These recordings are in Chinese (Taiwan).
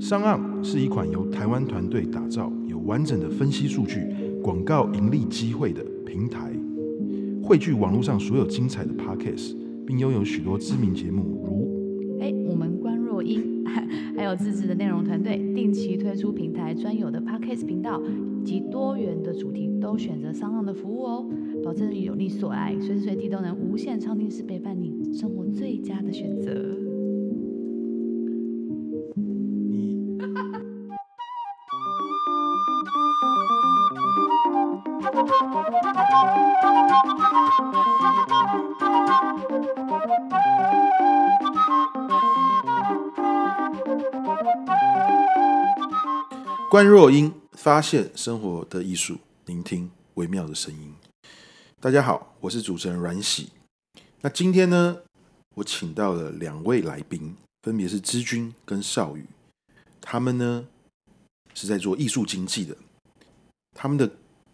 上岸是一款由台灣團隊打造、有完整的分析數據、廣告盈利機會的平台，匯聚網絡上所有精彩的 podcast，並擁有許多知名節目，如、欸、我們關若英，還有自制的內容團隊，定期推出平台專有的 podcast 頻道，以及多元的主題都選擇上岸的服務哦，保證有你所愛，隨時隨地都能無限暢聽，是陪伴你生活最佳的選擇。關若英發現生活的藝術，聆聽微妙的聲音。大家好，我是主持人阮喜。那今天呢，我請到了兩位來賓，分別是姿君跟劭宇。他們呢是在做藝術經紀的，他們的。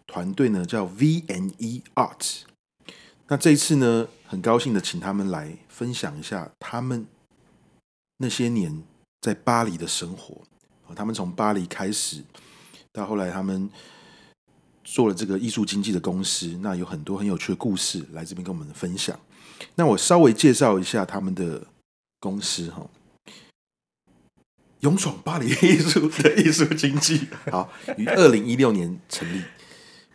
團隊呢叫 V&E ART，那這一次呢，很高興的請他們來分享一下他們那些年在巴黎的生活啊。他們從巴黎開始，到後來他們做了這個藝術經紀的公司，那有很多很有趣的故事來這邊跟我們分享。那我稍微介紹一下他們的公司哈，勇闖巴黎藝術的藝術經紀， 好，於二零一六年成立。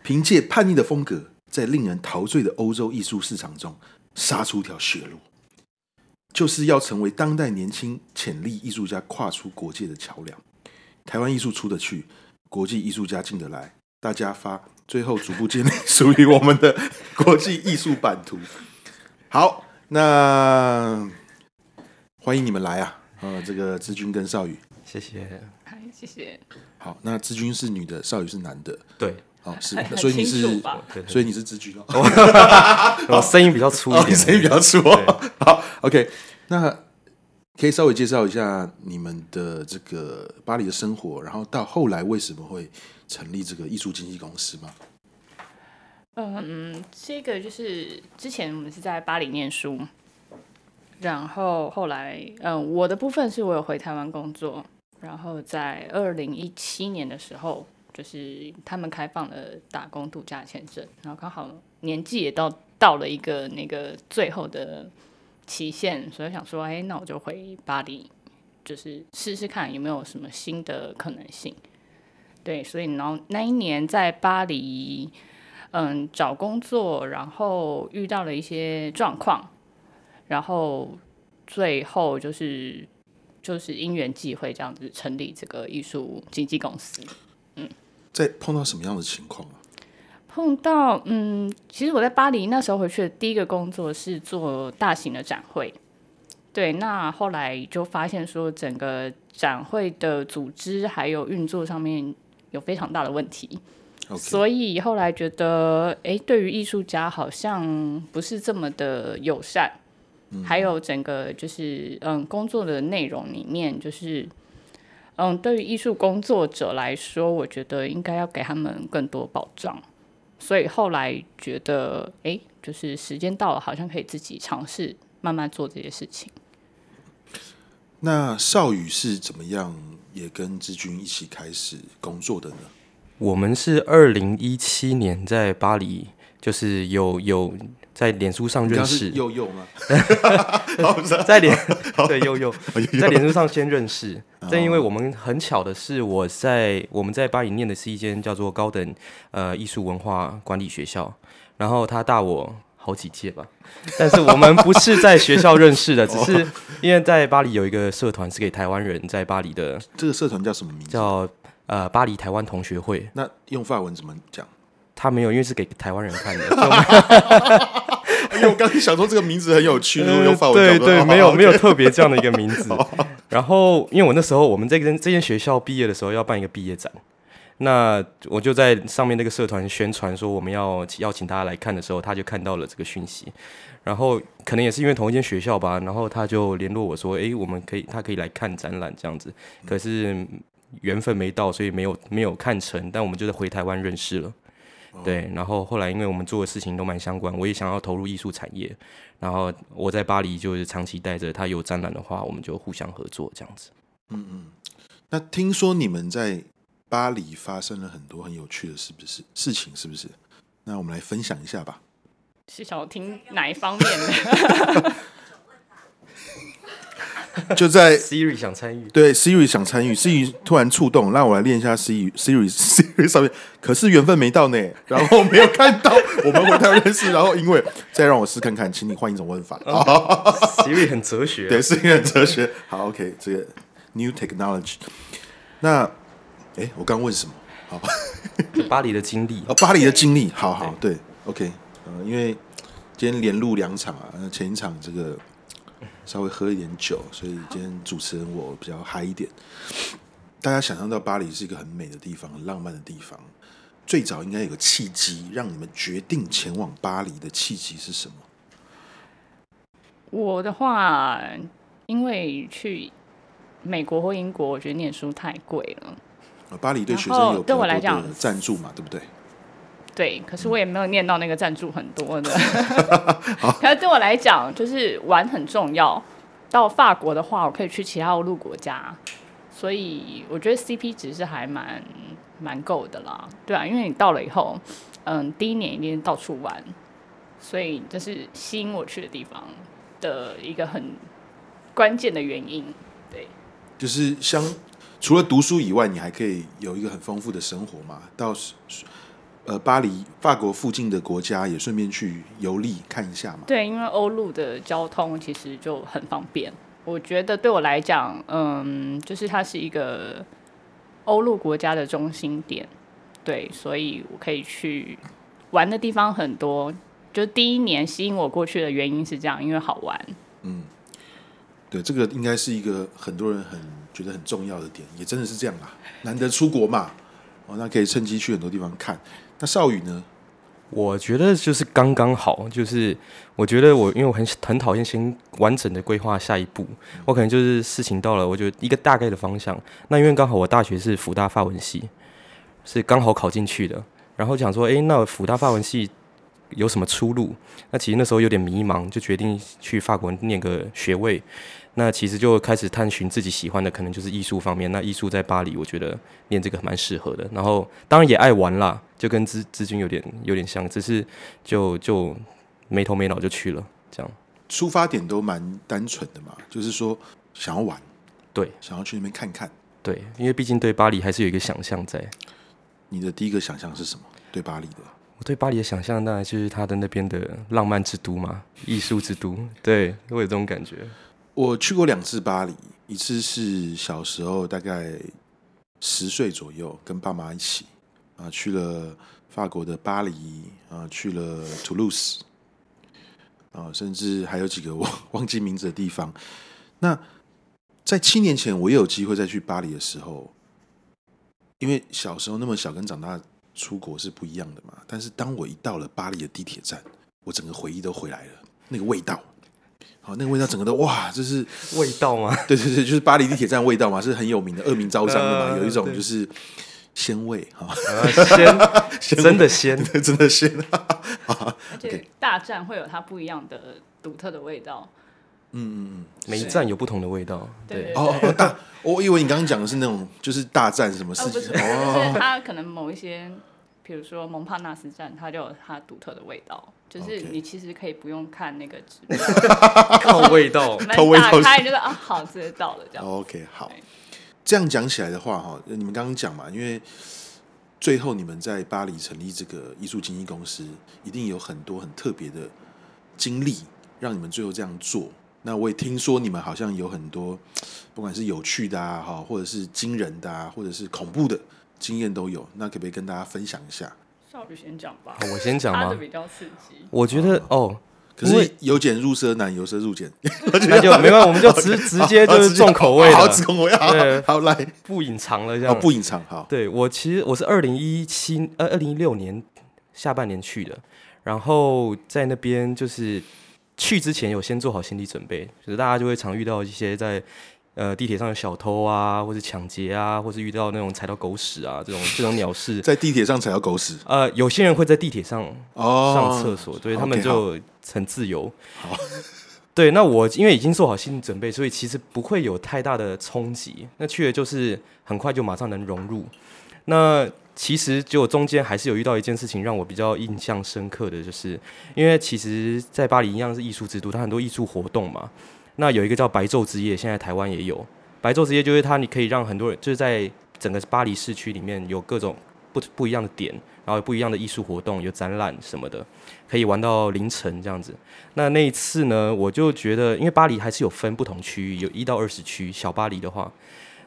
憑借叛逆的風格，在令人陶醉的歐洲藝術市場中殺出一條血路，就是要成為當代年輕潛力藝術家跨出國界的橋梁。台灣藝術出得去，國際藝術家進得來，大家發，最後逐步建立屬於我們的國際藝術版圖。好，那歡迎你們來啊！呃，這個姿君跟劭宇，謝謝，謝謝。好，那姿君是女的，劭宇是男的，對。哦、是，所以你是，所以你是直覺哦，哦，哦，哦，聲音比較粗，一點，聲音比較粗。好，OK，那可以稍微介紹一下你們的這個巴黎的生活，然後到後來為什麼會成立這個藝術經紀公司嗎？嗯，這個就是之前我們是在巴黎念書，然後後來，嗯，我的部分是我有回台灣工作，然後在二零一七年的時候。就是他們開放了打工度假簽證，然後剛好年紀也到到了一個那個最後的期限，所以想說，哎，那我就回巴黎，就是試試看有沒有什麼新的可能性。對，所以然後那一年在巴黎，嗯，找工作，然後遇到了一些狀況，然後最後就是就是因緣際會這樣子成立這個藝術經紀公司。碰到什麼樣的情況啊？碰到嗯，其實我在巴黎那時候回去的第一個工作是做大型的展會，對。那後來就發現說，整個展會的組織還有運作上面有非常大的問題，Okay. 所以後來覺得，哎、欸，對於藝術家好像不是這麼的友善，嗯。還有整個就是嗯工作的內容裡面就是。嗯，對於藝術工作者來說，我覺得應該要給他們更多保障。所以後來覺得，哎，就是時間到了，好像可以自己嘗試，慢慢做這些事情。那劭宇是怎麼樣也跟姿君一起開始工作的呢？我們是二零一七年在巴黎，就是有有。在臉書上認識，悠悠嗎？ 在臉臉笑對悠悠，在臉書上先認識又又。正因為我們很巧的是，我在我們在巴黎念的是一間叫做高等呃藝術文化管理學校，然後他大我好幾屆吧。但是我們不是在學校認識的， 只是因為在巴黎有一個社團是給台灣人在巴黎的，這個社團叫什麼名字？叫呃巴黎台灣同學會。那用法文怎麼講？他沒有，因為是給台灣人看的。 因為我剛才想說這個名字很有趣， 用法文講說、呃、對對，沒有沒有特別這樣的一個名字。 然後，因為我那時候我們這個這間學校畢業的時候要辦一個畢業展，那我就在上面那個社團宣傳說我們要邀請大家來看的時候，他就看到了這個訊息。然後可能也是因為同一間學校吧，然後他就聯絡我說：“哎、欸，我們可以他可以來看展覽這樣子。”可是緣分沒到，所以沒有沒有看成。但我們就是回台灣認識了。對，然後後來因為我們做的事情都蠻相關，我也想要投入藝術產業，然後我在巴黎就是長期帶着他，有展覽的話我們就互相合作這樣子。嗯嗯，那聽說你們在巴黎發生了很多很有趣的，是不是事情？是不是？那我們來分享一下吧。是想要聽哪一方面的？ 就在 Siri 想參與，對 Siri 想參與，Siri 突然觸動， 讓我來練一下 Siri，Siri，Siri 上面，可是緣分沒到呢， 然後沒有看到，我們不太認識， 然後因為再讓我試看看，請你換一種問法 okay, ，Siri 很哲學，啊，對，Siri 很哲學，好，OK，這個 New Technology，那，哎，我剛問什麼？好，巴黎的經歷，哦，巴黎的經歷，好好，欸、對，OK，呃，因為今天連錄兩場啊，那前一場這個。稍微喝一點酒，所以今天主持人我比較嗨一點。大家想象到巴黎是一個很美的地方，很浪漫的地方。最早應該有個契機讓你們決定前往巴黎的契機是什麼？我的話，因為去美國或英國，我覺得念書太貴了。巴黎對學生有特別多的贊助嘛，對不對？對，可是我也沒有念到那個贊助很多的。 可是對我來講，就是玩很重要。到法國的話，我可以去其他歐陸國家，所以我覺得 CP 值，是還蠻蠻夠的啦。對啊，因為你到了以後，嗯，第一年一定是到處玩，所以這是吸引我去的地方的一個很關鍵的原因。對，就是像，除了讀書以外，你還可以有一個很豐富的生活嘛。到。呃，巴黎，法國附近的國家也順便去遊歷看一下嘛。對，因為歐陸的交通其實就很方便。我覺得對我來講，嗯，就是它是一個歐陸國家的中心點，對，所以我可以去玩的地方很多。就第一年吸引我過去的原因是這樣，因為好玩。嗯，對，這個應該是一個很多人很覺得很重要的點，也真的是這樣啊，難得出國嘛，哦，那可以趁機去很多地方看。那劭宇呢？我覺得就是剛剛好，就是我覺得我因為我很很討厭先完整的規劃下一步，我可能就是事情到了，我覺得一個大概的方向。那因為剛好我大學是輔大法文系，是剛好考進去的，然後想說，哎、欸，那輔大法文系。有什麼出路？那其實那時候有點迷茫，就決定去法國唸個學位。那其實就開始探尋自己喜歡的，可能就是藝術方面。那藝術在巴黎，我覺得唸這個蠻適合的。然後當然也愛玩啦，就跟姿姿君有點有點像，只是就就，就沒頭沒腦就去了。這樣出發點都蠻單純的嘛，就是說想要玩，對，想要去那邊看看，對，因為畢竟對巴黎還是有一個想象在。你的第一個想象是什麼？對巴黎的？我對巴黎的想象，當然就是它的那邊的浪漫之都嘛，藝術之都。對，我有這種感覺。我去過兩次巴黎，一次是小時候大概十歲左右，跟爸媽一起啊去了法國的巴黎啊，去了圖盧斯啊，甚至還有幾個我忘記名字的地方。那在七年前，我也有機會再去巴黎的時候，因為小時候那麼小，跟長大。出國是不一樣的嘛，但是當我一到了巴黎的地鐵站，我整個回憶都回來了，那個味道，好、哦，那個味道整個都哇，這是味道嗎？對對對，就是巴黎地鐵站味道嘛，是很有名的，惡名昭彰的嘛、呃，有一種就是鮮味哈、哦呃，鮮真的 鮮，真的鮮， 真的鮮、啊，而且大站會有它不一樣的獨特的味道。嗯，嗯，每一站有不同的味道。對，對，對哦，大，我以為你剛剛講的是那種，就是大站什麼事情哦？就是他、哦、可能某一些，比如說蒙帕納斯站，它就有它獨特的味道。就是你其實可以不用看那個紙，okay。 靠味道，靠味道打開，就是啊、 哦，好，這就到了這樣。OK，好，這樣講起來的話哈，你們剛剛講嘛，因為最後你們在巴黎成立這個藝術經紀公司，一定有很多很特別的經歷，讓你們最後這樣做。那我也聽說你們好像有很多，不管是有趣的啊，哈，或者是驚人的啊，或者是恐怖的經驗都有。那可不可以跟大家分享一下？劭宇先講吧。我先講嗎？比較刺激。我覺得哦,哦，可是由儉入奢難，由奢入儉， 那就沒辦法，我們就直直接就是重口味，重口味，好,好,好來，不隱藏了，這樣不隱藏。好，對我其實我是二零一七呃二零一六年下半年去的，然後在那邊就是。去之前有先做好心理準備，就是大家就會常遇到一些在呃地鐵上有小偷啊，或者搶劫啊，或者遇到那種踩到狗屎啊，這種這種鳥事。在地鐵上踩到狗屎。呃，有些人會在地鐵上、oh, 上廁所，所以他們就很自由。Okay, 好，對，那我因為已經做好心理準備，所以其實不會有太大的衝擊。那去了就是很快就馬上能融入。那。其實，就中間還是有遇到一件事情讓我比較印象深刻的就是，因為其實，在巴黎一樣是藝術之都，它很多藝術活動嘛。那有一個叫白晝之夜，現在台灣也有白晝之夜，就是它你可以讓很多人就是在整個巴黎市區裡面有各種不不一樣的點，然後不一樣的藝術活動，有展覽什麼的，可以玩到凌晨這樣子。那那一次呢，我就覺得，因為巴黎還是有分不同區域，有一到二十區，小巴黎的話，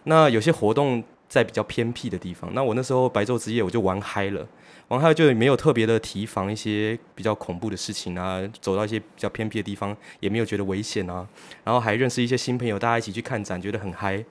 那有些活動。在比較偏僻的地方，那我那時候白晝之夜我就玩嗨了，玩嗨就沒有特別的提防一些比較恐怖的事情啊，走到一些比較偏僻的地方也沒有覺得危險啊，然後還認識一些新朋友，大家一起去看展，覺得很嗨。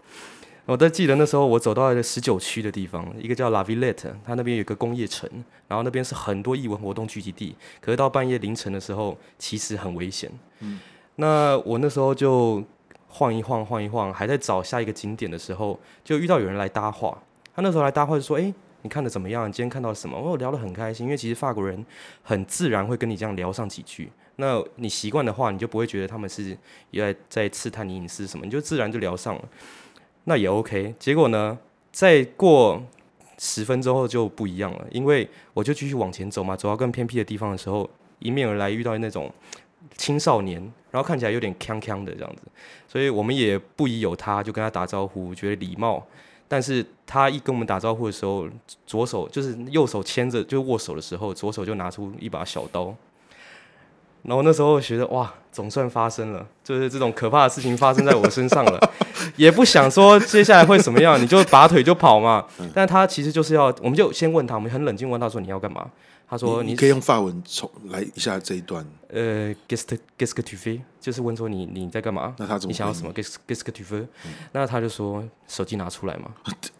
我都記得那時候我走到十九區的地方，一個叫 La Villette，它那邊有個工業城，然後那邊是很多藝文活動聚集地，可是到半夜凌晨的時候其實很危險。嗯，那我那時候就。晃一晃，晃一晃，還在找下一個景點的時候，就遇到有人來搭話。他那時候來搭話就說：“哎、欸，你看的怎麼樣？你今天看到了什麼？”我、哦、聊得很開心，因為其實法國人很自然會跟你這樣聊上幾句。那你習慣的話，你就不會覺得他們是在刺探你隱私什麼，你就自然就聊上了。那也 OK。結果呢，再過十分鐘之後就不一樣了，因為我就繼續往前走嘛，走到更偏僻的地方的時候，迎面而來遇到那種。青少年，然後看起來有點鏘鏘的這樣子，所以我們也不疑有他，就跟他打招呼，覺得禮貌。但是他一跟我們打招呼的時候，左手就是右手牽着，就握手的時候，左手就拿出一把小刀。然後那時候覺得哇，總算發生了，就是這種可怕的事情發生在我身上了。 也不想說接下來會怎麼樣，你就拔腿就跑嘛。但他其實就是要，我們就先問他，我們很冷靜問他說你要幹嘛。他說你：“你可以用法文重來一下這一段。呃”呃 qu'est-ce que tu veux 就是問說你你在幹嘛？那他怎麼你？你想要什麼 qu'est-ce que tu veux 那他就說手機拿出來嘛。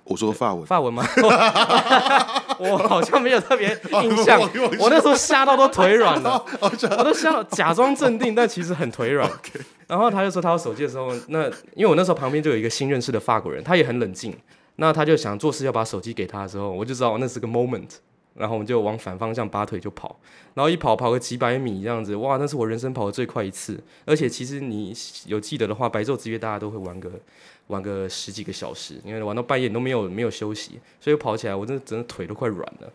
我說法文，法文嗎？我， 我好像沒有特別印象。我那時候嚇到都腿軟了，我都想假裝鎮定，但其實很腿軟。Okay. 然後他就說他要手機的時候，那因為我那時候旁邊就有一個新認識的法國人，他也很冷靜。那他就想做事要把手機給他的時候，我就知道那是個 moment。然後我們就往反方向拔腿就跑，然後一跑跑個幾百米這樣子，哇，那是我人生跑的最快一次。而且其實你有記得的話，白晝之夜大家都會玩個玩個十幾個小時，因為玩到半夜你都沒有沒有休息，所以跑起來我真的真的腿都快軟了。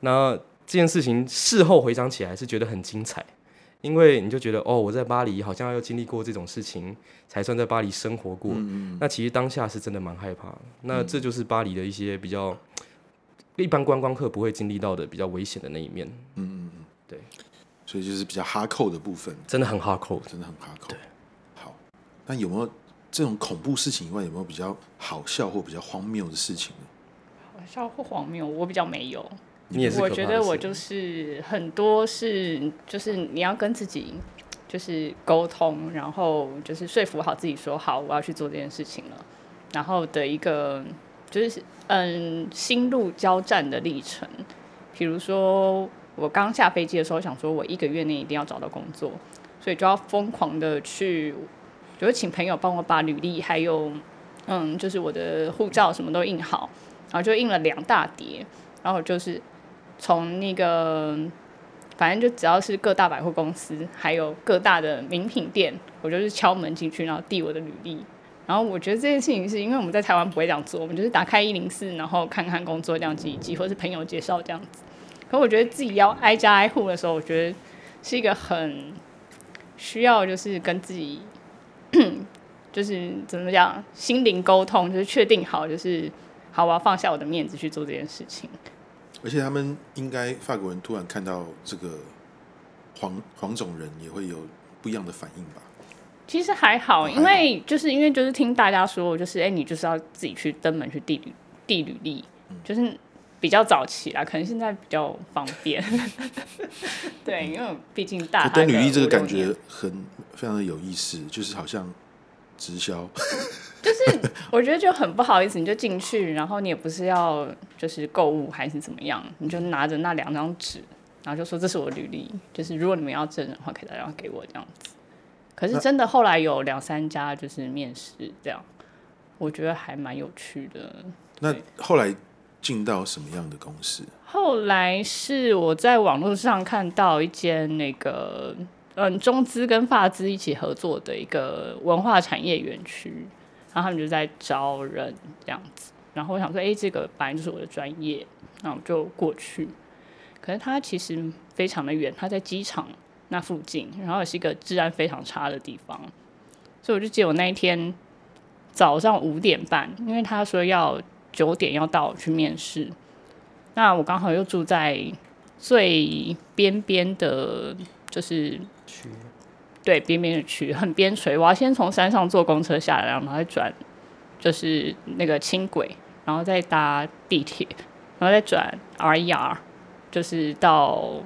那這件事情事後回想起來是覺得很精彩，因為你就覺得哦，我在巴黎好像要經歷過這種事情才算在巴黎生活過。嗯。那其實當下是真的蠻害怕。那這就是巴黎的一些比較。嗯。比較一般觀光客不會經歷到的比較危險的那一面，嗯嗯嗯，對，所以就是比較 hardcore 的部分，真的很 hardcore，真的很 hardcore。對，好，那有沒有這種恐怖事情以外，有沒有比較好笑或比較荒謬的事情呢？好笑或荒謬，我比較沒有。你也是，我覺得我就是很多是，就是你要跟自己就是溝通，然後就是說服好自己，說好我要去做這件事情了，然後的一個。就是嗯，心路交戰的歷程。比如說，我剛下飛機的時候，想說我一個月內一定要找到工作，所以就要瘋狂的去，就是、請朋友幫我把履歷還有嗯，就是我的護照什麼都印好，然後就印了兩大疊。然後就是從那個反正就只要是各大百貨公司，還有各大的名品店，我就是敲門進去，然後遞我的履歷。然後我覺得這件事情是因為我們在台灣不會這樣做，我們就是打開一零四，然後看看工作量，記一記，或者是朋友介紹這樣子。可我覺得自己要挨家挨戶的時候，我覺得是一個很需要，就是跟自己，就是怎麼講，心靈溝通，就是確定好，就是好，我要放下我的面子去做這件事情。而且他們應該法國人突然看到這個黃黃種人，也會有不一樣的反應吧？其實還好，還好，因為就是因為就是聽大家說，就是哎、欸，你就是要自己去登門去遞履遞履歷，就是比較早期啦，可能現在比較方便。 對，因為畢竟大、大家。遞履歷這個感覺很非常的有意思，就是好像直銷。 就是我覺得就很不好意思，你就進去，然後你也不是要就是購物還是怎麼樣，你就拿着那兩張紙，然後就說這是我履歷，就是如果你們要徵的話，可以打電話給我這樣子。可是真的，後來有兩三家就是面試這樣，我覺得還蠻有趣的。那後來進到什麼樣的公司？後來是我在網絡上看到一間那個嗯中資跟法資一起合作的一個文化產業園區，然後他們就在招人這樣子，然後我想說，哎，這個反正就是我的專業，那我就過去。可是他其實非常的遠，他在機場那附近，然後也是一個治安非常差的地方，所以我就記得我那一天早上五點半，因為他說要九點要到，我去面試，那我剛好又住在最邊邊的，就是區，對邊邊的區，很邊陲。我要先從山上坐公車下來，然後再轉就是那個輕軌，然後再搭地鐵，然後再轉 RER，就是到。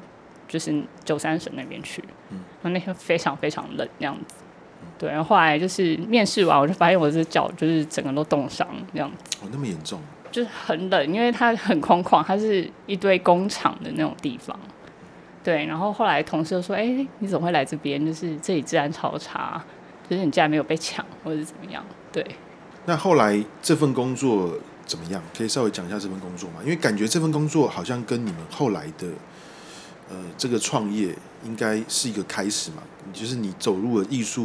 就是九三省那邊去，嗯，然後那天非常非常冷，那樣子。對，然後後來就是面試完，我就發現我的腳就是整個都凍傷，那樣子。哦，那麼嚴重。就是很冷，因為它很空曠，它是一堆工廠的那種地方。對，然後後來同事就說：“哎、欸，你怎麼會來這邊？就是這裡治安超差，就是你竟然沒有被搶，或者是怎麼樣？”對。那後來這份工作怎麼樣？可以稍微講一下這份工作嗎？因為感覺這份工作好像跟你們後來的。呃，這個創業應該是一個開始嘛？就是你走入了藝術、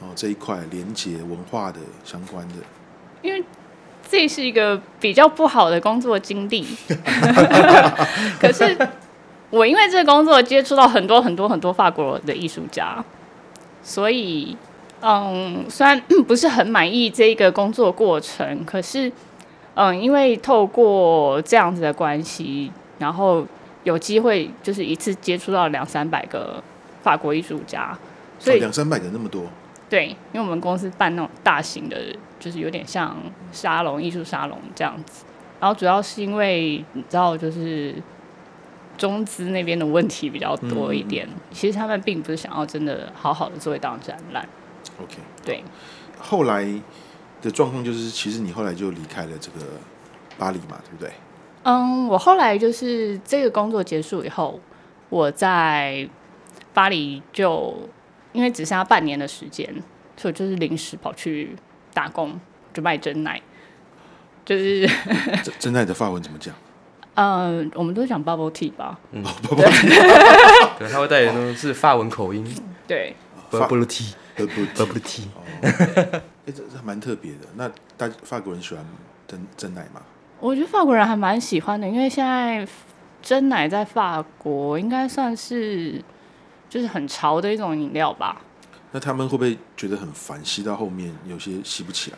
哦、這一塊，連接文化的相關的。因為這是一個比較不好的工作經歷， 可是我因為這個工作接觸到很多很多很多法國的藝術家，所以嗯，雖然不是很滿意這一個工作過程，可是嗯，因為透過這樣子的關係，然後。有機會就是一次接觸到兩三百個法國藝術家，所以哦、兩三百人那麼多？對，因為我們公司辦那種大型的，就是有點像沙龍、藝術沙龍這樣子。然後主要是因為你知道，就是中資那邊的問題比較多一點、嗯。其實他們並不是想要真的好好的做一檔展覽。OK，、嗯、對。後來的狀況就是，其實你後來就離開了這個巴黎嘛，對不對？嗯，我後來就是這個工作結束以後，我在巴黎就因為只剩下半年的時間，所以就是臨時跑去打工，就賣珍奶，就是珍、嗯、奶的法文怎麼講？嗯，我們都講 bubble tea 吧。嗯，bubble tea 可能他會帶一種是法文口音。對、oh，bubble tea，bubble tea、哦。哎、oh, 欸，這這蠻特別的。那大法國人喜歡珍珍奶嗎？我覺得法國人還蠻喜歡的，因為現在珍奶在法國應該算是就是很潮的一種飲料吧。那他們會不會覺得很煩，吸到後面有些吸不起來，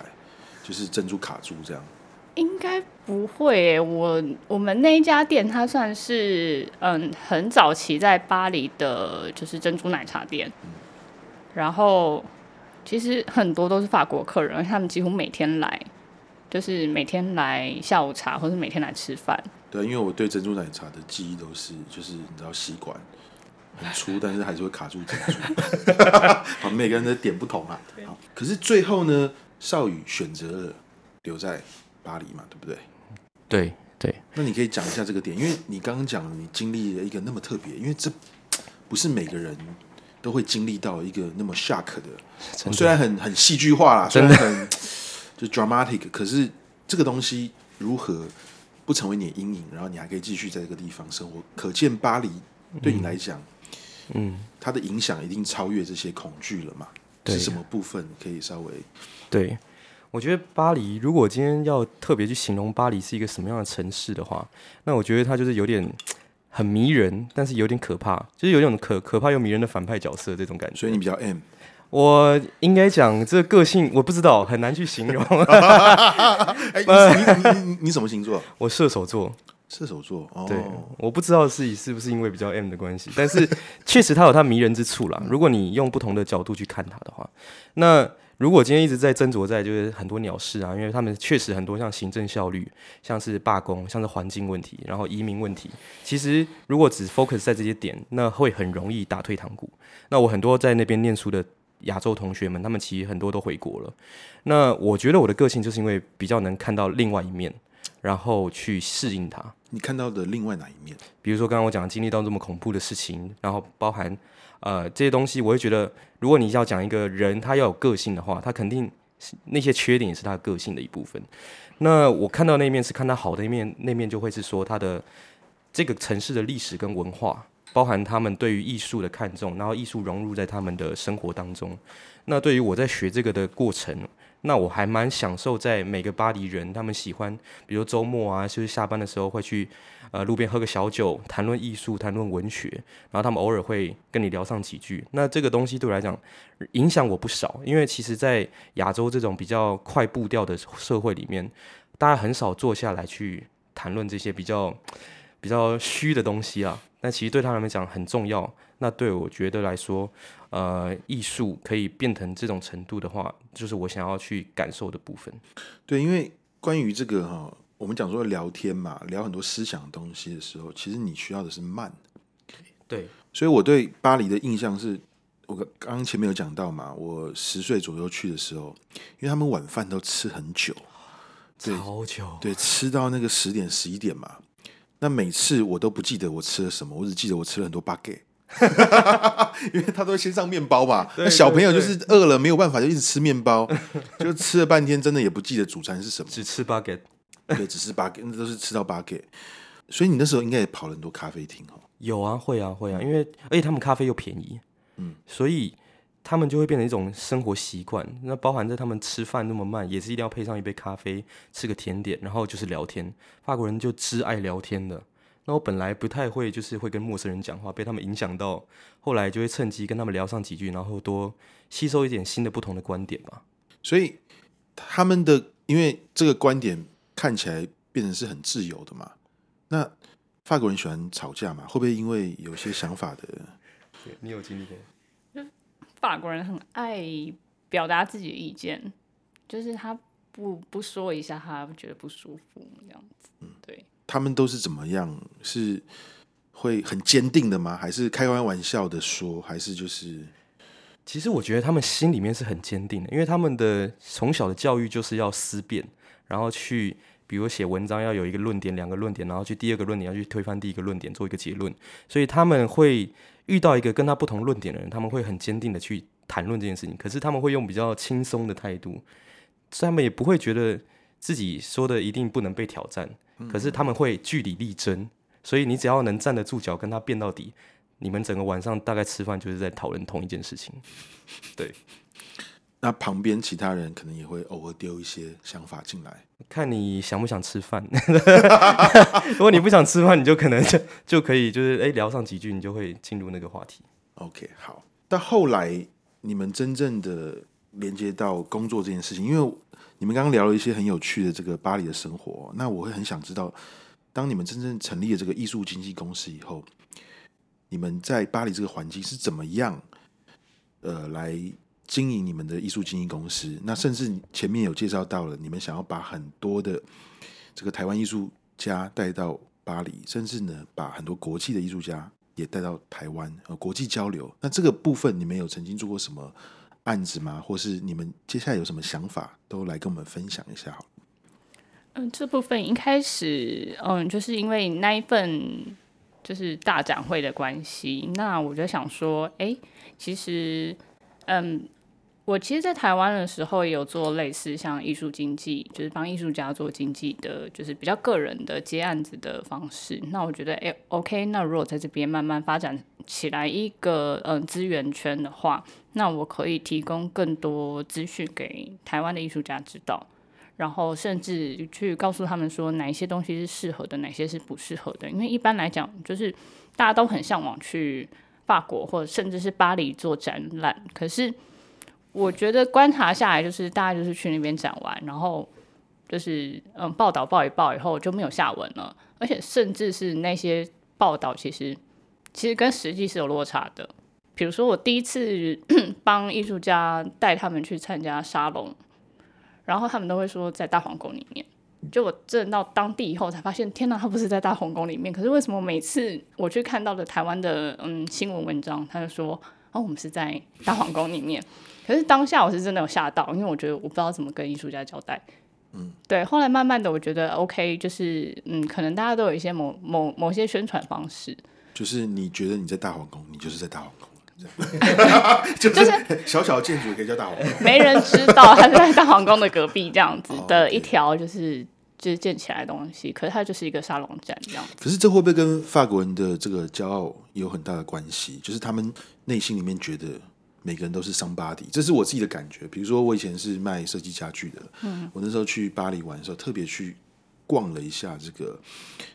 就是珍珠卡住這樣？應該不會。我我們那一家店，它算是嗯很早期在巴黎的就是珍珠奶茶店，嗯、然後其實很多都是法國客人，而且他們幾乎每天來。就是每天來下午茶，或是每天來吃飯。對，因為我對珍珠奶茶的記憶都是，就是你知道吸管很粗， 但是還是會卡住珍珠。 好，每個人的點不同啊。好，可是最後呢，劭宇選擇了留在巴黎嘛，對不對？對對。那你可以講一下這個點，因為你剛剛講了你經歷了一個那麼特別，因為這不是每個人都會經歷到一個那麼 shock 的，的我雖然很很戲劇化啦，雖然很。 是 dramatic，可是這個東西如何不成為你的陰影，然後你還可以繼續在這個地方生活？可見巴黎對你來講，嗯，嗯，它的影響一定超越這些恐懼了嘛，對，是什麼部分可以稍微？對，我覺得巴黎，如果今天要特別去形容巴黎是一個什麼樣的城市的話，那我覺得它就是有點很迷人，但是有點可怕，就是有點可可怕又迷人的反派角色這種感覺。所以你比較 M。我應該講這個，個性，我不知道，很難去形容。 欸、你你你你什麼星座？我射手座。射手座。哦，對，我不知道自己是不是因為比較 M 的關係，但是確實它有它迷人之處啦。 如果你用不同的角度去看它的話，那如果今天一直在斟酌在就是很多鳥事啊，因為他們確實很多像行政效率，像是罷工，像是環境問題，然後移民問題。其實如果只 focus 在這些點，那會很容易打退堂鼓。那我很多在那邊念書的。亞洲同學們，他們其實很多都回國了。那我覺得我的個性就是因為比較能看到另外一面，然後去適應它。你看到的另外哪一面？比如說剛剛，剛剛我講的，經歷到這麼恐怖的事情，然後包含呃這些東西，我會覺得，如果你要講一個人，他要有個性的話，他肯定那些缺點也是他個性的一部分。那我看到那一面是看他好的一面，那面就會是說他的這個城市的歷史跟文化。包含他們對於藝術的看重，然後藝術融入在他們的生活當中。那對於我在學這個的過程，那我還蠻享受在每個巴黎人，他們喜歡，比如週末啊，就是下班的時候會去，呃，路邊喝個小酒，談論藝術，談論文學，然後他們偶爾會跟你聊上幾句。那這個東西對我來講，影響我不少，因為其實在亞洲這種比較快步調的社會裡面，大家很少坐下來去談論這些比較。比較虛的東西啊，但其實對他來講很重要。那對我覺得來說，呃，藝術可以變成這種程度的話，就是我想要去感受的部分。對，因為關於這個哈、哦，我們講說聊天嘛，聊很多思想東西的時候，其實你需要的是慢。對，所以我對巴黎的印象是，我剛剛前面有講到嘛，我十歲左右去的時候，因為他們晚飯都吃很久，超久，對，對，吃到那個十點十一點嘛。那每次我都不記得我吃了什麼，我只記得我吃了很多 baguette。 因為他都會先上麵包嘛。對對對對，那小朋友就是餓了對對對，沒有辦法，就一直吃麵包，對對對，就吃了半天，真的也不記得主餐是什麼，只吃 baguette。對，只吃 baguette，都是吃到 baguette。所以你那時候應該也跑了很多咖啡廳哦？有啊，會啊，會啊，因為而且他們咖啡又便宜，嗯，所以。他們就會變成一種生活習慣，那包含在他們吃飯那麼慢，也是一定要配上一杯咖啡，吃個甜點，然後就是聊天。法國人就只愛聊天的。那我本來不太會，就是會跟陌生人講話，被他們影響到，後來就會趁機跟他們聊上幾句，然後多吸收一點新的不同的觀點嘛。所以他們的因為這個觀點看起來變得是很自由的嘛。那法國人喜歡吵架嘛？會不會因為有些想法的？你有經歷過？法國人很愛表達自己的意見，就是他不不說一下，他覺得不舒服這樣子。嗯，對，他們都是怎麼樣？是會很堅定的嗎？還是開開玩笑的說？還是就是……其實我覺得他們心裡面是很堅定的，因為他們的從小的教育就是要思辨，然後去比如寫文章要有一個論點、兩個論點，然後去第二個論點要去推翻第一個論點，做一個結論，所以他們會。遇到一個跟他不同論點的人，他們會很堅定的去談論這件事情，可是他們會用比較輕鬆的態度，所以他們也不會覺得自己說的一定不能被挑戰，可是他們會據理力爭，所以你只要能站得住腳，跟他辯到底，你們整個晚上大概吃飯就是在討論同一件事情，對。那旁邊其他人可能也會偶爾丟一些想法進來，看你想不想吃飯。 如果你不想吃飯，你就可能就就可以就是誒、欸，聊上幾句，你就會進入那個話題。OK，好。到後來，你們真正的連接到工作這件事情，因為你們剛剛聊了一些很有趣的這個巴黎的生活。那我會很想知道，當你們真正成立了這個藝術經紀公司以後，你們在巴黎這個環境是怎麼樣？呃，來。經營你們的藝術經紀公司，那甚至前面有介紹到了，你們想要把很多的這個台灣藝術家帶到巴黎，甚至呢把很多國際的藝術家也帶到台灣，呃，國際交流。那這個部分你們有曾經做過什麼案子嗎？或是你們接下來有什麼想法，都來跟我們分享一下好了。嗯，這部分一開始，嗯，就是因為那一份就是大展會的關係，那我就想說，哎，其實，嗯。我其實，在台灣的時候也有做類似像藝術經紀，就是幫藝術家做經紀的，就是比較個人的接案子的方式。那我覺得，哎，OK。那如果在這邊慢慢發展起來一個嗯資源圈的話，那我可以提供更多資訊給台灣的藝術家知道，然後甚至去告訴他們說哪一些東西是適合的，哪些是不適合的。因為一般來講，就是大家都很向往去法國，或者甚至是巴黎做展覽，可是。我覺得觀察下來，就是大家就是去那邊展完，然後就是嗯報道報一報以後就沒有下文了，而且甚至是那些報道，其實其實跟實際是有落差的。比如說，我第一次 幫藝術家帶他們去參加沙龍，然後他們都會說在大皇宮裡面。就我真的到當地以後才發現，天哪，他不是在大皇宮裡面。可是為什麼每次我去看到的台灣的嗯新聞文章，他就說哦，我們是在大皇宮裡面。可是當下我是真的有嚇到，因為我覺得我不知道怎麼跟藝術家交代。嗯，對。後來慢慢的，我覺得 OK，就是嗯，可能大家都有一些某某某些宣傳方式。就是你覺得你在大皇宮，你就是在大皇宮， 就是小小的建築也可以叫大皇宮、 就是，沒人知道它是在大皇宮的隔壁這樣子的一條就是 就是建起來的東西，可是它就是一個沙龍展這樣子。可是這會不會跟法國人的這個驕傲有很大的關係？就是他們內心裡面覺得。每個人都是 somebody，這是我自己的感覺。比如說，我以前是賣設計家具的，嗯，我那時候去巴黎玩的時候，特別去逛了一下這個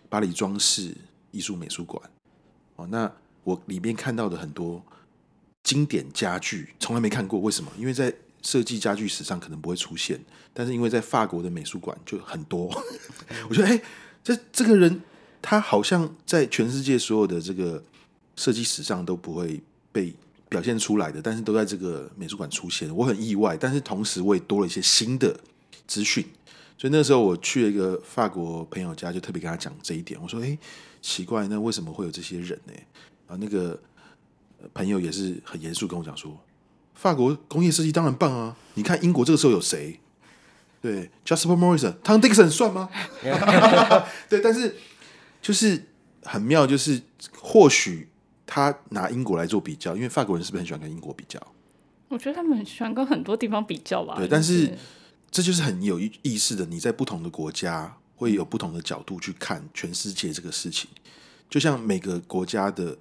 巴黎裝飾藝術美術館。哦，那我裡面看到的很多經典家具，從來沒看過，為什麼？因為在設計家具史上可能不會出現，但是因為在法國的美術館就很多。 我覺得，哎，這這個人他好像在全世界所有的這個設計史上都不會被。表現出來的，但是都在這個美術館出現，我很意外。但是同時我也多了一些新的資訊，所以那時候我去了一個法國朋友家，就特別跟他講這一點。我說：“哎、欸，奇怪，那為什麼會有這些人呢？”然後，那個朋友也是很嚴肅跟我講說：“法國工業設計當然棒啊，你看英國這個時候有誰？對，Jasper Morrison、Tom Dixon 算嗎？對，但是就是很妙，就是或許。”他拿英國來做比較，因為法國人是不是很喜歡跟英國比較？我覺得他們很喜歡跟很多地方比較吧。就是、對，但是這就是很有意意思的，你在不同的國家會有不同的角度去看全世界這個事情。就像每個國家的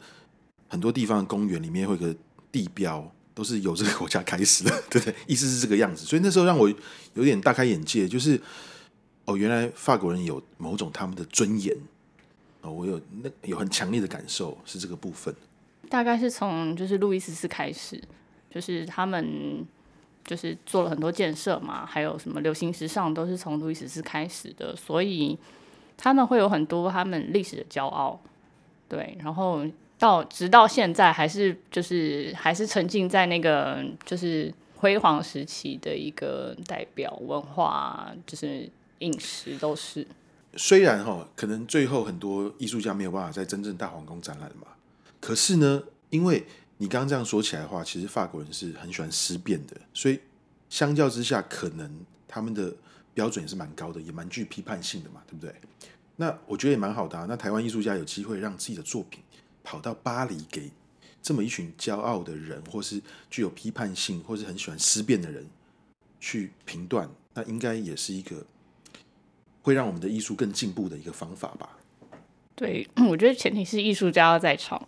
很多地方的公園裡面會有個地標，都是由這個國家開始的，對對，意思是這個樣子。所以那時候讓我有點大開眼界，就是哦，原來法國人有某種他們的尊嚴。我有那有很強烈的感受，是這個部分。大概是從就是路易十四開始，就是他們就是做了很多建設嘛，還有什麼流行時尚都是從路易十四開始的，所以他們會有很多他們歷史的驕傲。對，然後到直到現在還是就是還是沉浸在那個就是輝煌時期的一個代表文化，就是飲食都是。雖然哈、哦，可能最後很多藝術家沒有辦法在真正大皇宮展覽嘛，可是呢，因為你剛剛這樣說起來的話，其實法國人是很喜歡思辨，的，所以相較之下，可能他們的標準也是蠻高的，也蠻具批判性的嘛，對不對？那我覺得也蠻好的啊。那台灣藝術家有機會讓自己的作品跑到巴黎，給這麼一群驕傲的人，或是具有批判性，或是很喜歡思辨的人去評斷，那應該也是一個。會讓我們的藝術更進步的一個方法吧。對，我覺得前提是藝術家要在場。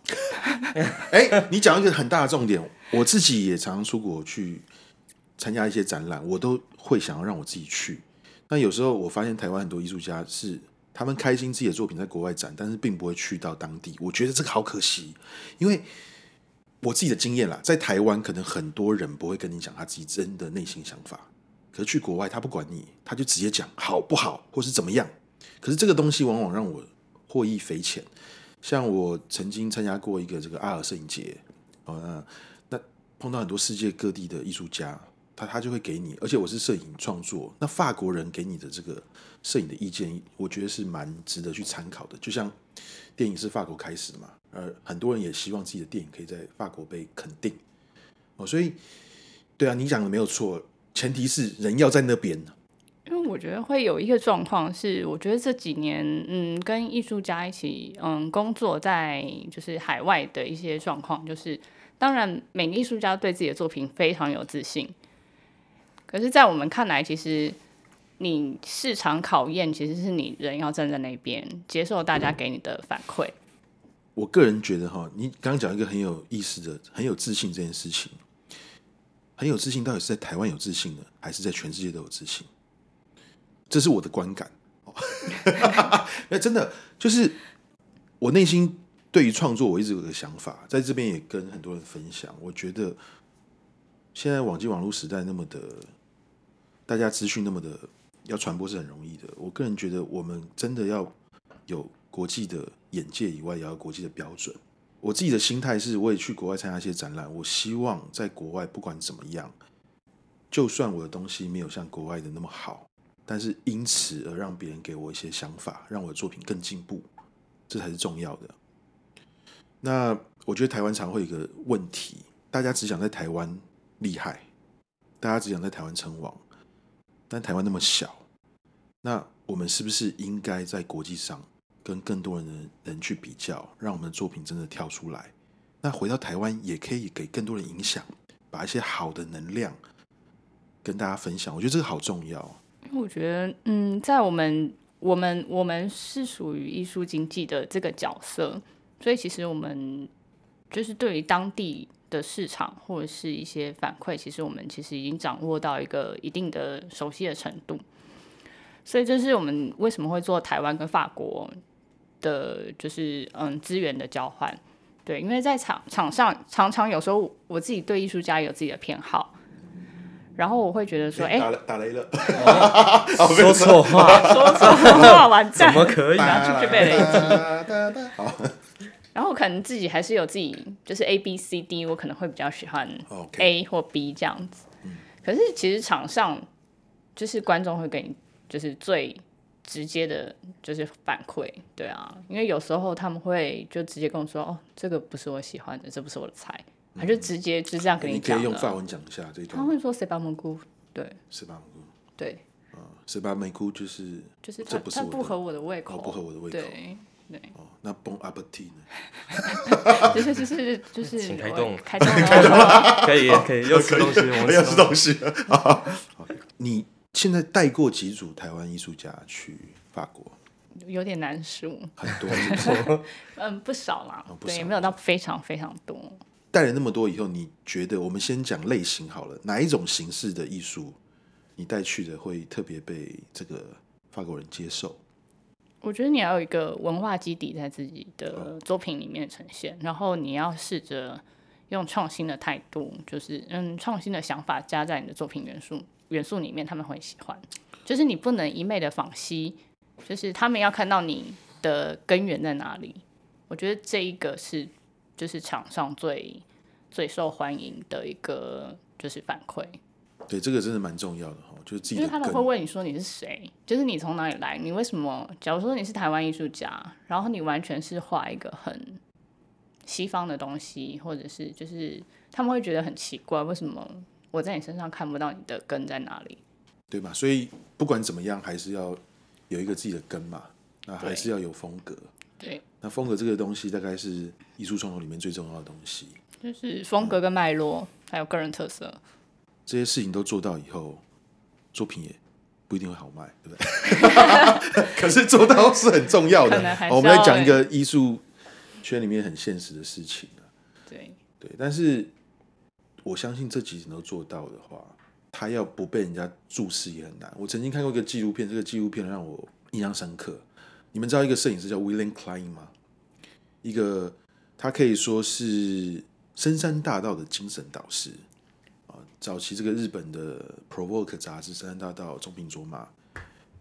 哎、 欸，你講一個很大的重點，我自己也常常出國去參加一些展覽，我都會想要讓我自己去。那有時候我發現台灣很多藝術家是他們開心自己的作品在國外展，但是並不會去到當地。我覺得這個好可惜，因為我自己的經驗啦，在台灣可能很多人不會跟你講他自己真的內心想法。而去國外，他不管你，他就直接講好不好，或是怎麼樣。可是這個東西往往讓我獲益匪淺。像我曾經參加過一個這個阿爾攝影節，哦，那，那碰到很多世界各地的藝術家，他他就會給你。而且我是攝影創作，那法國人給你的這個攝影的意見，我覺得是蠻值得去參考的。就像電影是法國開始嘛，而很多人也希望自己的電影可以在法國被肯定。哦，所以對啊，你講的沒有錯。前提是人要在那邊呢，因為我覺得會有一個狀況是，我覺得這幾年，嗯，跟藝術家一起，嗯，工作在就是海外的一些狀況，就是當然每個藝術家對自己的作品非常有自信，可是，在我們看來，其實你市場考驗其實是你人要站在那邊接受大家給你的反饋。我個人覺得哈、哦，你剛剛講一個很有意思的、很有自信這件事情。很有自信，到底是在台灣有自信呢，還是在全世界都有自信？這是我的觀感。哎， 真的就是我內心對於創作，我一直有個想法，在這邊也跟很多人分享。我覺得現在網際網絡時代那麼的，大家資訊那麼的要傳播是很容易的。我個人覺得，我們真的要有國際的眼界以外，也要有國際的標準。我自己的心態是，我也去國外參加一些展覽。我希望在國外不管怎麼樣，就算我的東西沒有像國外的那麼好，但是因此而讓別人給我一些想法，讓我的作品更進步，這才是重要的。那我覺得台灣常會有一個問題，大家只想在台灣厲害，大家只想在台灣稱王，但台灣那麼小，那我們是不是應該在國際上？跟更多人的人去比較，讓我們的作品真的跳出來。那回到台灣，也可以給更多人影響，把一些好的能量跟大家分享。我覺得這個好重要。因為我覺得，嗯，在我們我們我們是屬於藝術經紀的這個角色，所以其實我們就是對於當地的市場或者是一些反饋，其實我們其實已經掌握到一個一定的熟悉的程度。所以這是我們為什麼會做台灣跟法國。的，就是嗯，資源的交換，對，因為在場場上常常有時候我自己對藝術家有自己的偏好，然後我會覺得說，哎、欸欸，打雷了，欸、雷了 說錯臭話， 說錯話，完蛋，怎麼可以啊？出去背了一句打打打打打好，然後可能自己還是有自己，就是 A B C D，我可能會比較喜歡 A 或 B 這樣子，okay。可是其實場上就是觀眾會給你，就是最。直接的，就是反饋，對啊，因為有時候他們會就直接跟我說，哦，這個不是我喜歡的，這不是我的菜，嗯、他就直接就這樣跟你講、欸。你可以用法文講一下這一段。他會說，十八蘑菇，對，十八對，啊、嗯，十八梅菇就是就是這不是不合我的胃口、哦，不合我的胃口，對對。哦，那崩阿伯提呢？就是就是就是、呃，請開動，開動、啊、開動、啊，可以可以，又 吃東西， 我要吃東西啊，西 好 你。現在帶過幾組台灣藝術家去法國，有點難數，很多嗯 不少啦、哦、不少啦。對，沒有到非常非常多。帶了那麼多以後，你覺得我們先講類型好了，哪一種形式的藝術你帶去的會特別被這個法國人接受？我覺得你要有一個文化基底在自己的作品裡面呈現，哦、然後你要試着用創新的態度，就是嗯創新的想法加在你的作品元素。元素裡面他們會喜歡，就是你不能一味的仿西，就是他們要看到你的根源在哪裡。我覺得這一個是就是場上最最受歡迎的一個就是反饋。對，這個真的蠻重要的齁，就是自己的根。因為他們會問你說，你是誰，就是你從哪裡來，你為什麼？假如說你是台灣藝術家，然後你完全是畫一個很西方的東西，或者是就是他們會覺得很奇怪，為什麼？我在你身上看不到你的根在哪裡，對嗎？所以不管怎麼樣，還是要有一個自己的根嘛。那還是要有風格，對。那風格這個東西，大概是藝術創作裡面最重要的東西。就是風格跟脈絡、嗯，還有個人特色，這些事情都做到以後，作品也不一定會好賣，對不對？ 可是做到是很重要的。欸哦、我們要講一個藝術圈裡面很現實的事情，對對，但是。我相信，這幾點都做到的話，他要不被人家注視也很難。我曾經看過一個紀錄片，這個紀錄片讓我印象深刻。你們知道一個攝影師叫 William Klein 嗎？一個他可以說是森山大道的精神導師啊。早期這個日本的《Provoke》雜誌，森山大道、中平卓馬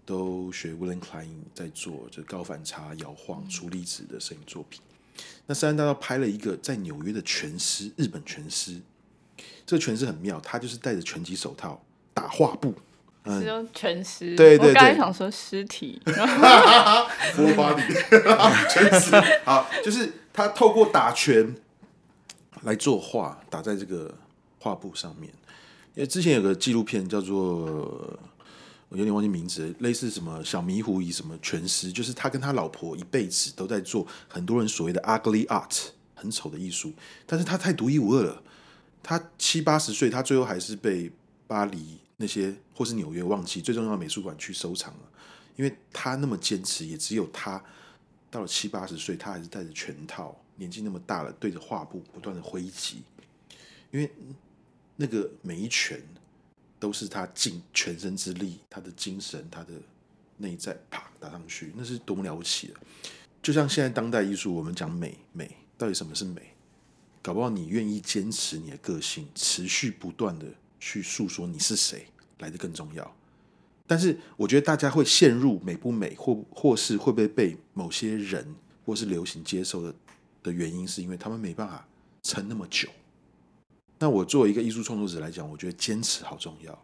都學 William Klein 在做，就高反差、搖晃、粗粒子的攝影作品。那森山大道拍了一個在紐約的拳師，日本拳師。這個、拳師很妙，他就是戴着拳擊手套打畫布。嗯，拳師？對對對，我剛才想說屍體。 波巴花里 拳師，好，就是他透過打拳來作畫，打在這個畫布上面。因為之前有個紀錄片叫做，我有點忘記名字，類似什麼小迷糊以什麼拳師，就是他跟他老婆一輩子都在做很多人所謂的 ugly art，很醜的藝術，但是他太獨一無二了。他七八十歲，他最後還是被巴黎那些或是紐約忘記最重要的美術館去收藏了，因為他那麼堅持，也只有他到了七八十歲，他還是戴着拳套，年紀那麼大了，對着畫布不斷的揮擊，因為那個每一拳都是他盡全身之力，他的精神，他的內在，啪打上去，那是多麼了不起啊！就像現在當代藝術，我們講美，美，到底什麼是美？搞不好你願意堅持你的個性，持續不斷的去訴說你是誰，來得更重要。但是我覺得大家會陷入「美不美」，或或是會不會被某些人或是流行接受的的原因，是因為他們沒辦法撐那麼久。那我作為一個藝術創作者來講，我覺得堅持好重要。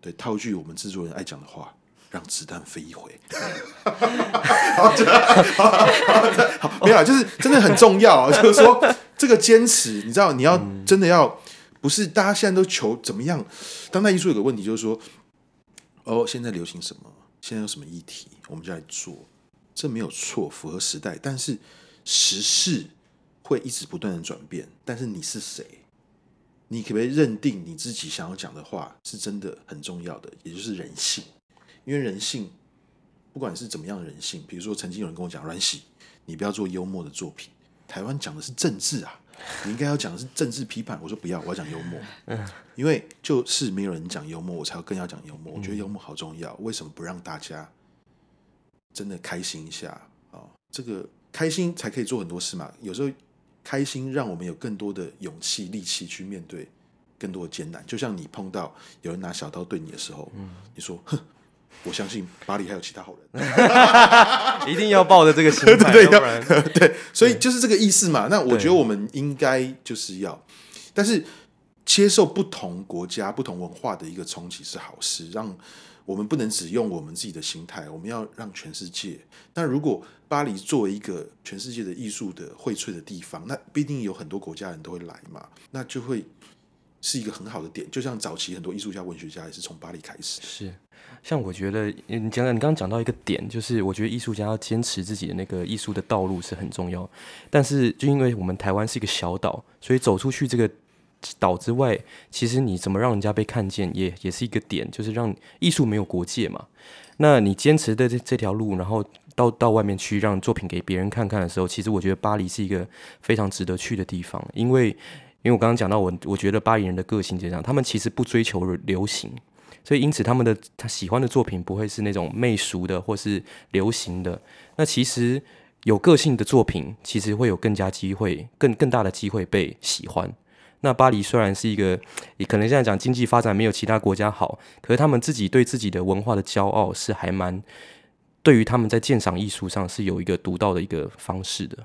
對，套句我們制作人愛講的話。讓子彈飛一回 好好好好好好好，好，沒有，就是真的很重要啊。 就是說，這個堅持，你知道，你要真的要，不是大家現在都求怎麼樣？當代藝術有個問題，就是說，哦，現在流行什麼？現在有什麼議題？我們就來做，這沒有錯，符合時代。但是時事會一直不斷的轉變，但是你是誰？你可不可以認定你自己想要講的話是真的很重要的？也就是人性。因為人性，不管是怎麼樣的人性，比如說曾經有人跟我講：“阮喜，你不要做幽默的作品。台灣講的是政治啊，你應該要講的是政治批判。”我說：“不要，我要講幽默，因為就是沒有人講幽默，我才要更要講幽默。我覺得幽默好重要。嗯。為什麼不讓大家真的開心一下？哦，這個開心才可以做很多事嘛。有時候開心讓我們有更多的勇氣、力氣去面對更多的艱難。就像你碰到有人拿小刀對你的時候，嗯。你說：‘哼’。”我相信巴黎還有其他好人 一定要抱着這個心態， 對，對，對 所以就是這個意思嘛。那我覺得我們應該就是要，但是接受不同國家、不同文化的一個衝擊是好事，讓我們不能只用我們自己的心態，我們要讓全世界。那如果巴黎作為一個全世界的藝術的薈萃的地方，那必定有很多國家人都會來嘛，那就會。是一個很好的點，就像早期很多藝術家、文學家也是從巴黎開始。是，像我覺得你講，你剛剛講到一個點，就是我覺得藝術家要堅持自己的那個藝術的道路是很重要。但是，就因為我們台灣是一個小島，所以走出去這個島之外，其實你怎麼讓人家被看見也，也也是一個點，就是讓藝術沒有國界嘛。那你堅持的這這條路，然後到到外面去，讓作品給別人看看的時候，其實我覺得巴黎是一個非常值得去的地方，因為。因為我剛剛講到我，我我覺得巴黎人的個性就是這樣，他們其實不追求流行，所以因此他們的他喜歡的作品不會是那種媚俗的或是流行的。那其實有個性的作品，其實會有更加機會、更更大的機會被喜歡。那巴黎雖然是一個，也可能現在講經濟發展沒有其他國家好，可是他們自己對自己的文化的驕傲是還蠻，對於他們在鑑賞藝術上是有一個獨到的一個方式的。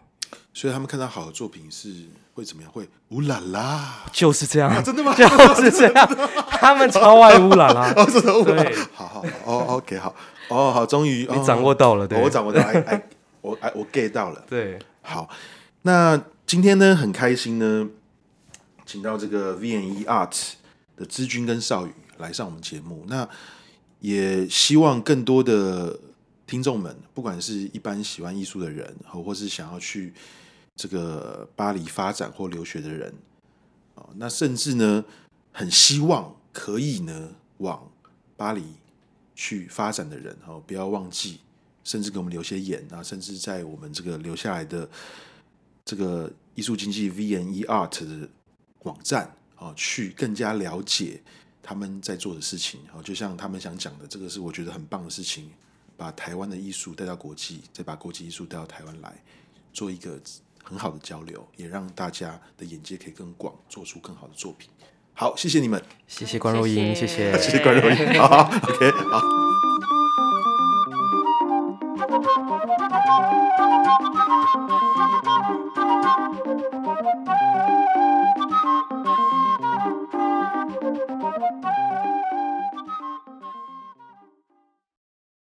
所以他們看到好的作品是，會怎麼樣？會烏啦啦！就是這樣，啊，真的嗎？就是這樣， 他們超愛烏啦啦！哦， 對，好好哦，OK，好，哦，好，終於你掌握到了，對 OK, oh, 掌到了 oh, 對我，我掌握到，哎 ，I, 我我 get 到了，對，好。那今天呢，很開心呢，請到這個 V&E ART 的姿君跟劭宇來上我們節目。那也希望更多的聽眾們，不管是一般喜歡藝術的人，或或是想要去。這個巴黎發展或留學的人，那甚至呢，很希望可以呢往巴黎去發展的人哦，不要忘記，甚至給我們留些言啊，甚至在我們這個留下來的這個藝術經紀 V&E ART 的網站啊，去更加了解他們在做的事情哦，就像他們想講的，這個是我覺得很棒的事情，把台灣的藝術帶到國際，再把國際藝術帶到台灣來，做一個。很好的交流，也讓大家的眼界可以更廣，做出更好的作品。好，謝謝你們，息息謝謝關若音，謝謝，謝謝關若英，好，好 ，OK，好。